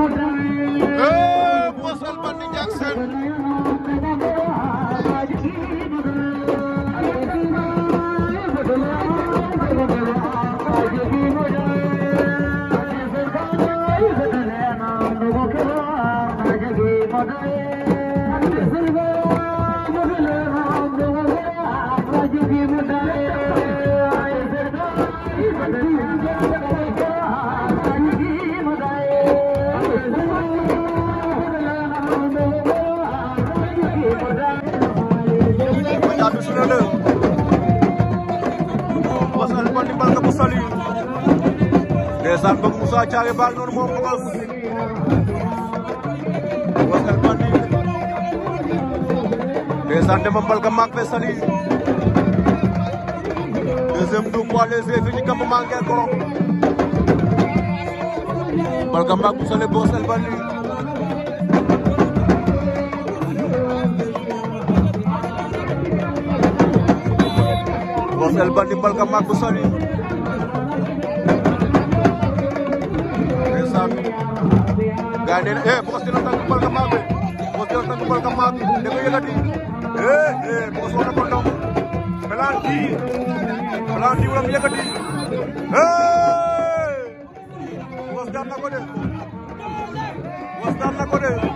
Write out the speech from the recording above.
a eh Moussal Bandit Jackson Thank you. Ndeysaan bëgg Moussa Thiaré baa ngi noonu moom Pogos wasal bandi ndeysaan dafa bal ka manque fe sali deuxième du poids léger fi ci kamb manque ko Balgamra Kusale Bosel Bali. Bosel Bali Balgamra Kusale. Resan. Ganden eh bukas din ang Balgamra. Bukas din ang Balgamra. Dito yung gati. Eh eh bukas wala ko daw. Melandi. Melandi wala yung gati. Eh was daan na ko de was daan na ko de